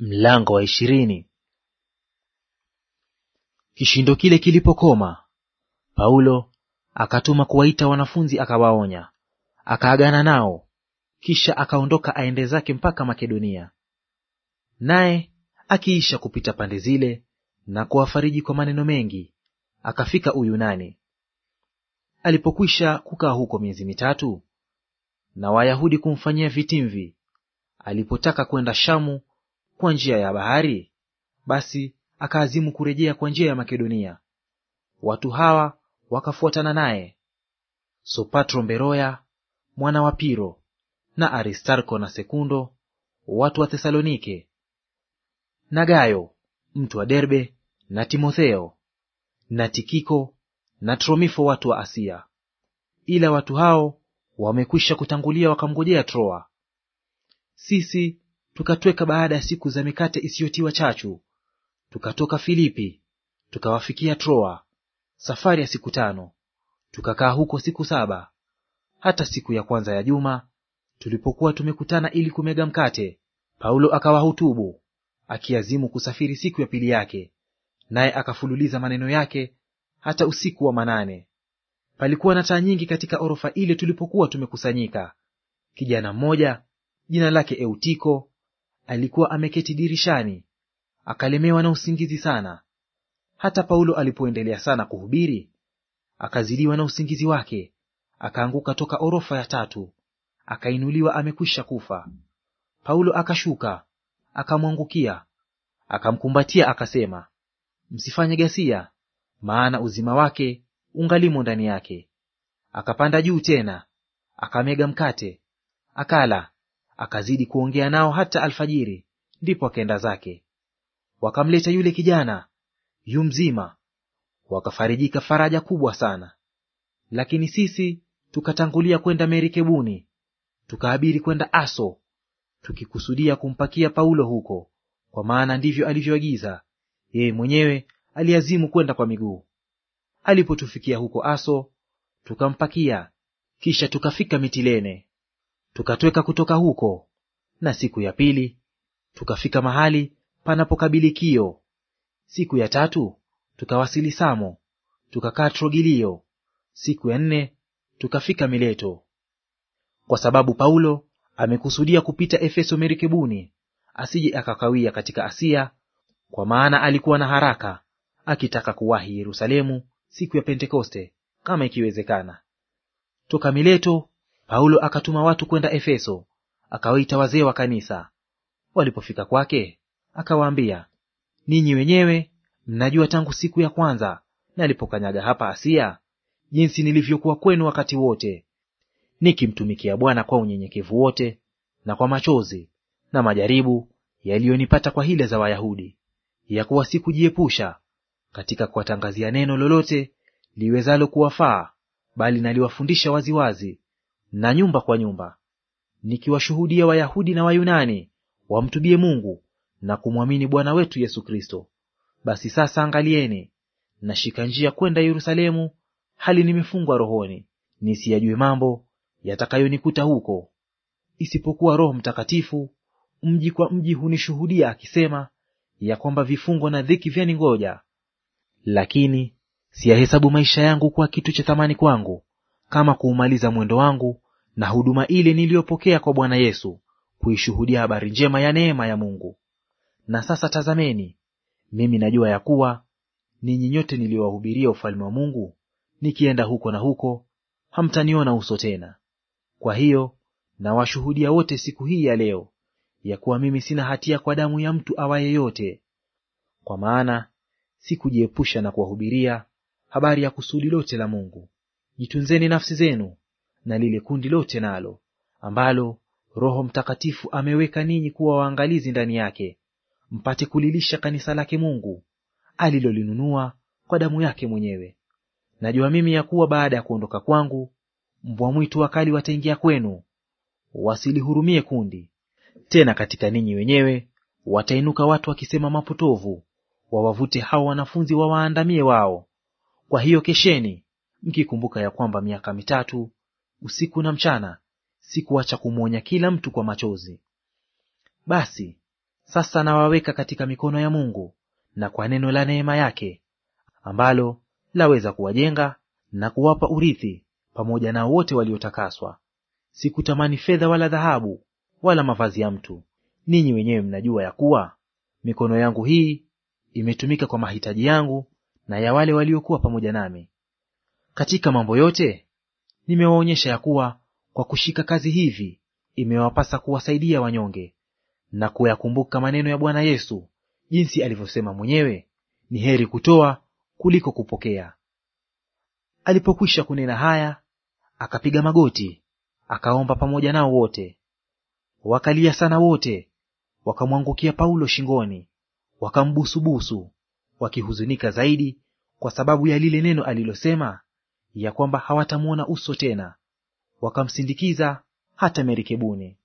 Mlango wa ishirini. Kishindo kile kilipokoma, Paulo akatuma kuwaita wanafunzi akawaonya, akaagana nao, kisha akaondoka aende zake mpaka Makedonia. Naye akiisha kupita pande zile na kuwafariji kwa maneno mengi, akafika Uyunani. Alipokwisha kukaa huko miezi mitatu, na Wayahudi kumfanyia vitimvi, alipotaka kwenda Shamu kwa njia ya bahari? Basi akaazimu kurejea kwa njia ya Makedonia. Watu hawa wakafuatana naye: Sopatro Mberoya mwana wa Piro na Aristarko na Sekundo, watu wa Thesalonike, na Gayo mtu wa Derbe, na Timotheo na Tikiko na Tromifo, watu wa Asia. Ila watu hao wamekwisha kutangulia wakamgojea Troa. Sisi tukatweka baada ya siku za mikate isiyotiwa chachu, tukatoka Filipi tukawafikia Troa, safari ya siku tano. Tukakaa huko siku saba. Hata siku ya kwanza ya juma tulipokuwa tumekutana ili kumega mkate, Paulo akawahutubu akiazimu kusafiri siku ya pili yake, naye akafululiza maneno yake hata usiku wa manane. Palikuwa na taa nyingi katika orofa ile tulipokuwa tumekusanyika. Kijana mmoja jina lake Eutiko alikuwa ameketi dirishani, akalemewa na usingizi sana. Hata Paulo alipoendelea sana kuhubiri, akazidiwa na usingizi wake, akaanguka toka orofa ya tatu, akainuliwa amekwisha kufa. Paulo akashuka akamwangukia, akamkumbatia, akasema, msifanye ghasia, maana uzima wake ungalimo ndani yake. Akapanda juu tena akamega mkate akala, akazidi kuongea nao hata alfajiri, ndipo akaenda zake. Wakamleta yule kijana yu mzima, wakafarijika faraja kubwa sana. Lakini sisi tukatangulia kwenda merikebuni, tukaabiri kwenda Aso, tukikusudia kumpakia Paulo huko, kwa maana ndivyo alivyoagiza yeye mwenyewe. Aliazimu kwenda kwa miguu. Alipotufikia huko Aso, tukampakia, kisha tukafika Mitilene tukatweka kutoka huko, na siku ya pili tukafika mahali panapokabilikio. Siku ya tatu tukawasili Samo, tukakaa Trogilio. Siku ya nne tukafika Mileto. Kwa sababu Paulo amekusudia kupita Efeso merikebuni, asije akakawia katika Asia, kwa maana alikuwa na haraka akitaka kuwahi Yerusalemu siku ya Pentekoste kama ikiwezekana. Toka Mileto Paulo akatuma watu kwenda Efeso, akawaita wazee wa kanisa. Walipofika kwake, akawaambia, ninyi wenyewe mnajua tangu siku ya kwanza nalipokanyaga hapa Asia, jinsi nilivyokuwa kwenu wakati wote, nikimtumikia Bwana kwa unyenyekevu wote na kwa machozi na majaribu yaliyonipata kwa hila za Wayahudi, ya kuwa sikujiepusha katika kuwatangazia neno lolote liwezalo kuwafaa, bali naliwafundisha waziwazi na nyumba kwa nyumba, nikiwashuhudia Wayahudi na Wayunani wamtubie Mungu na kumwamini Bwana wetu Yesu Kristo. Basi sasa angalieni, nashika njia kwenda Yerusalemu, hali nimefungwa rohoni, nisiyajue mambo yatakayonikuta huko, isipokuwa Roho Mtakatifu mji kwa mji hunishuhudia akisema, ya kwamba vifungo na dhiki vyaningoja. Lakini siyahesabu maisha yangu kuwa kitu cha thamani kwangu, kama kuumaliza mwendo wangu na huduma ile niliyopokea kwa Bwana Yesu kuishuhudia habari njema ya neema ya Mungu. Na sasa tazameni, mimi najua ya kuwa ninyi nyote niliyowahubiria ufalme wa Mungu, nikienda huko na huko, hamtaniona uso tena. Kwa hiyo nawashuhudia wote siku hii ya leo ya kuwa mimi sina hatia kwa damu ya mtu awaye yote, kwa maana sikujiepusha na kuwahubiria habari ya kusudi lote la Mungu. Jitunzeni nafsi zenu na lile kundi lote nalo, ambalo Roho Mtakatifu ameweka ninyi kuwa waangalizi ndani yake, mpate kulilisha kanisa lake Mungu alilolinunua kwa damu yake mwenyewe. Najua mimi ya kuwa baada ya kuondoka kwangu, mbwa mwitu wakali wataingia kwenu, wasilihurumie kundi. Tena katika ninyi wenyewe watainuka watu wakisema mapotovu, wawavute hao wanafunzi wawaandamie wao. Kwa hiyo kesheni, mkikumbuka ya kwamba miaka mitatu usiku na mchana sikuacha kumwonya kila mtu kwa machozi. Basi sasa nawaweka katika mikono ya Mungu na kwa neno la neema yake, ambalo laweza kuwajenga na kuwapa urithi pamoja na wote waliotakaswa. Sikutamani fedha wala dhahabu wala mavazi ya mtu. Ninyi wenyewe mnajua ya kuwa mikono yangu hii imetumika kwa mahitaji yangu na ya wale waliokuwa pamoja nami. Katika mambo yote nimewaonyesha ya kuwa kwa kushika kazi hivi imewapasa kuwasaidia wanyonge na kuyakumbuka maneno ya Bwana Yesu jinsi alivyosema mwenyewe, ni heri kutoa kuliko kupokea. Alipokwisha kunena haya, akapiga magoti akaomba pamoja nao wote. Wakalia sana wote, wakamwangukia Paulo shingoni, wakambusubusu, wakihuzunika zaidi kwa sababu ya lile neno alilosema ya kwamba hawatamwona uso tena. Wakamsindikiza hata merikebuni.